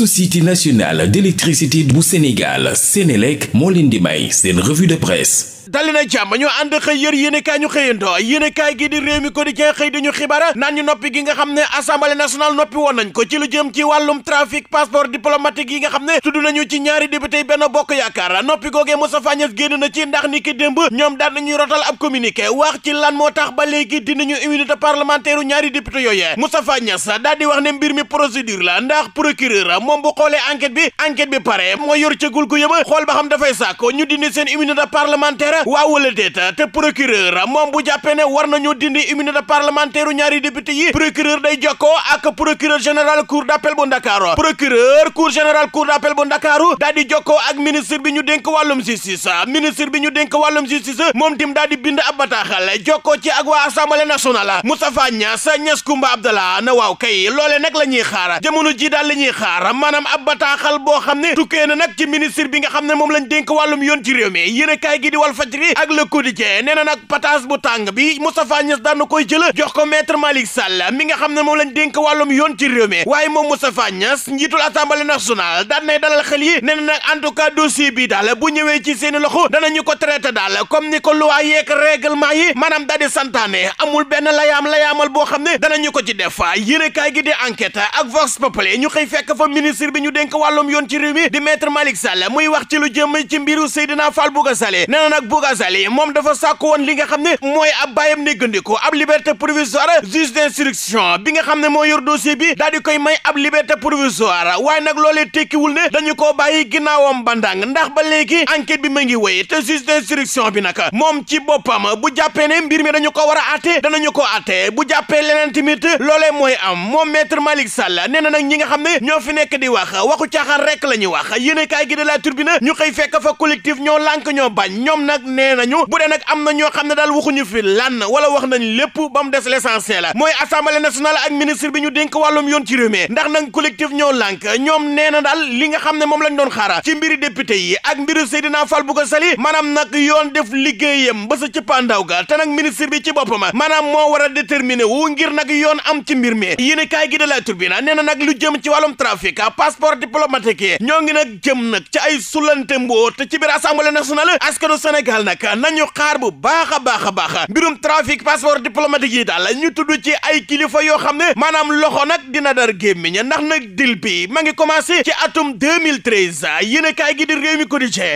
société nationale d'électricité bu Sénégal Sénélec moo leen di may seen revue de presse dali jàmm ñu ànd xëy yër yéenekaay ñu xëyandoo yéenekaay gi di réew mi quotidien xëy di ñu naan ñu noppi gi nga xam ne assemblée nationale noppi woon ko ci lu jëm ci wàllum trafic passeport diplomatique yi nga xam ne tudd nañu ci ñaari député benn bokk yaakaar noppi googee Moustapha Niasse génn na ci ndax ni ki démb ñoom daan nañuy rotal ab communiqué moom bu xoolee enquête bi enquête bi pare moo yor ca gul gu yëba xool ba xam dafay sàkko ñu dindi seen immunité parlementaire waaw wala déet te procureur moom bu jàppee ne war nañoo dindi immunité parlementaire ñaari député yi procureur day jokkoo ak procureur général cour d'appel bu Ndakaaru procureur cour général cour d'appel bu Ndakaaru daal di jokkoo ak ministre bi ñu dénk wàllum justice ministre bi ñu dénk wàllum justice moom tim daal di bind ab bataaxal jokkoo ci ak waa assemblée nationale Moustapha Niass Niass Koumba Abdallah na waaw kay loole nag la ñuy xaar jamono ji daal la ñuy xaar dara maanaam ab bataaxal boo xam ne tukkee na nag ci ministre bi nga xam ne moom lañ dénk wàllum yoon ci réew mi yéen a kaay gi di Walf Fadjri ak Le Quotidien nee na nag pataas bu tàng bi Moustapha Niass daan koy jëla jox ko maître Malick Sall mi nga xam ne moom lañ dénk wàllum yoon ci réew mi waaye moom Moustapha Niass njiitul assemblée nationale daan nay dalal xel yi nee na nag en tout bi daal bu ñëwee ci seen loxo danañu ko traité daal comme ni ko loi yeeg règlement yi maanaam boo xam ne danañu ko ci def yéen a kaay gi di enquête ministre bi ñu dénk wàllum yoon ci di maître Malick Sall muy wax jëm ci mbiru Seydina Fall Bouga nag Bouga Sall moom dafa sàkk woon li nga xam ne mooy ab bàyyam néggandiku ab liberté provisoire juge d'instruction bi nga xam ne moo yor dossier bi daal di koy may ab liberté provisoire waaye nag loolee tekkiwul ne dañu koo bàyyi ginnaawam bandang ndax ba léegi enquête bi ma ngi wéy te juge d'instruction bi nag moom ci boppam bu jàppee ne mbir mi dañu ko war a àtte ko bu jàppee leneen tamit loolee mooy am moom maître Malick Sall nee na nag nekk di wax waxu caaxaan rek la ñuy wax yéenekaay gi de La Tribune ñu xëy fekk fa collectif ñoo lànk ñoo bañ ñoom nag nee nañu bu dee nag am na ñoo xam ne daal waxuñu fi lan wala wax nañu lépp ba mu des l'essentiel mooy assemblée nationale ak ministre bi ñu dénk wàllum yoon ci réew mi ndax nag collectif ñoo lànk ñoom nee na daal li nga xam ne moom lañ doon xaara ci mbiri député yi ak mbiru Seydina Fall bu ko sali maanaam nag yoon def liggéeyam ba sa cëppaandaw ga te nag ministre bi ci boppam maanaam moo war a déterminer wu ngir nag yoon am ci mbir mi yéenekaay gi de La Tribune nee na nag lu jëm ci wàllum trafic certificat passeport diplomatique yi ñoo ngi nag jëm nag ci ay sulante mboo te ci biir assemblée nationale askanu Sénégal nag nañu xaar bu baax a baax a baax mbirum trafic passeport diplomatique yi daal ñu tudd ci ay kilifa yoo xam ne maanaam loxo nag dina dar gémmiñ ndax nag dil bi ma ngi commencé ci atum 2013 yéen a kaay gi di réew mi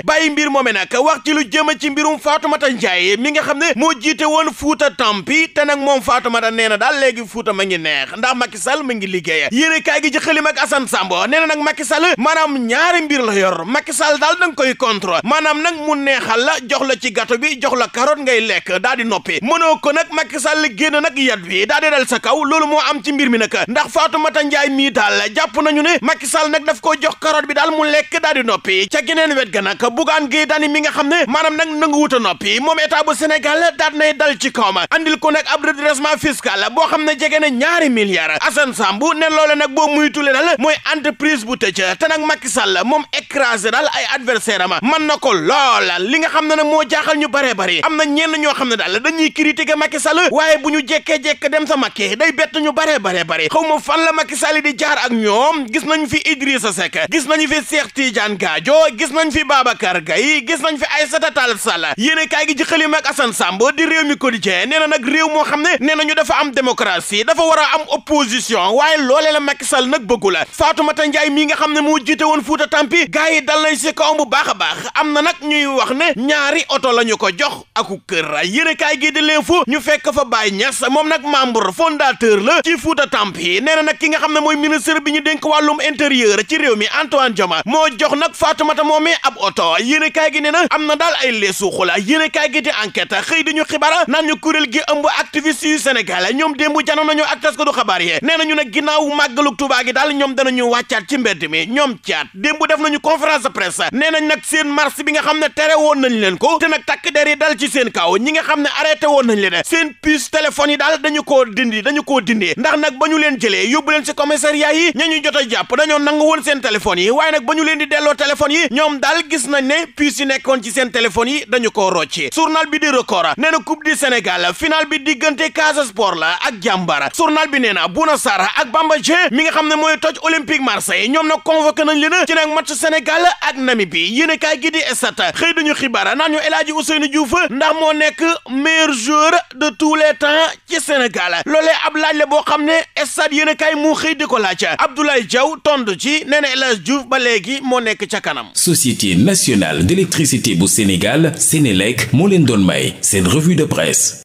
bàyyi mbir moome nag wax ci lu jëm ci mbirum Fatoumata Ndiaye mi nga xam ne moo jiite woon Fouta Tampi te nag moom Fatoumata nee na daal léegi Fouta ma ngi neex ndax Macky Sall ma ngi liggéey yéen a kaay gi ci Demba nee na nag Macky Sall maanaam ñaari mbir la yor Macky Sall daal da koy contre maanaam nag mu neexal la jox la ci gâteau bi jox la carotte ngay lekk daal di noppi mënoo ko nag Macky Sall génn nag yat bi daal di sa kaw loolu moo am ci mbir mi nag ndax Fatoumata Ndiaye mii daal jàpp nañu ne Macky Sall nag def koo jox carotte bi daal mu lekk daal di noppi ca geneen wet ga nag Bougane Gueye Dany mi nga xam ne maanaam nag nangu wuta noppi moom état bu Sénégal daal nay dal ci kawam andil ko nag ab boo xam ne jege na ñaari milliards Assane Samb ne loole nag boo muytule dal mooy entreprise bu tëj te nag Macky Sall moom écrasé daal ay adversaire ama man na ko lool li nga xam ne nag moo jaaxal ñu baree bari am na ñenn ñoo xam ne daal dañuy critiquer Macky Sall waaye bu ñu jekkee-jekke dem sa Macky day bett ñu baree baree bari xaw ma fan la Macky Sall di jaar ak ñoom gis nañ fi sa Seck gis nañu fi Cheikh Tidiane Gadio gis nañ fi Babacar Gaye gis nañ fi ay Tall Sall yéene kaay gi ci xalima ak Assane Samb di réew mi quotidien nee na nag réew moo xam ne nee nañu dafa am démocratie dafa war a am opposition waaye loolee la Macky Sall nag bëggu Fatoumata Ndiaye mi nga xam ne moo jiite woon Fuuta Tampi gars yi dal nañ si kawam bu baax baax am na nag ñuy wax ne ñaari oto la ko jox aku kër yéene kaay gi di l'info ñu fekk fa Baye Niass moom nag membre fondateur la ci Fuuta Tampi nee na nag ki nga xam ne mooy ministre bi ñu den wàllum intérieur ci réew mi Antoine Diome moo jox nag Fatoumata moomee ab oto yéene kaay gi nee na am na daal ay leesu xula yéene kaay gi di enquête xëy di ñu xibaar naan ñu kuréel gi ëmb activiste yu Sénégal ñoom démb janoon nañu ak tas ko du xabaar yee nee nañu nag ginnaaw màggalug Tuubaa gi daal wàccaat ci mbedd mi ñoom caat démb def nañu conférence de presse nee nañ nag seen marche bi nga xam ne tere woon nañ leen ko te nag takk der dal ci seen kaw ñi nga xam ne arrêté woon nañ leen seen puce téléphone yi daal dañu koo dindi dañu koo dindi ndax nag ba ñu leen jëlee yóbbu leen si commissariat yi ña ñu jot a jàpp dañoo nangu woon seen téléphones yi waaye nag ba ñu leen di delloo téléphones yi ñoom daal gis nañ ne puce yi nekkoon ci seen téléphones yi dañu koo rocci journal bi di record nee na coupe du Sénégal final diggante Casa Sport la ak Jàmbaar journal bi nee na Bouna Sarr ak Bamba Dieng mi nga xam ne mooy Marseille ñoom nag convoqué nañ leen ci nag match Sénégal ak Namibie yéen kaay gi di Stades xëy ñu xibaar naan ñu El Hadji Ousseynou Diouf ndax moo nekk meilleur joueur de tous les temps ci Sénégal loolee ab laaj la boo xam ne Stades yéen kaay mu xëy di ko laaj Abdoulaye Diaw tontu ci nee na El ba léegi moo nekk ca kanam. Société nationale d'électricité bu Sénégal Sénélec moo leen doon may seen revue de presse.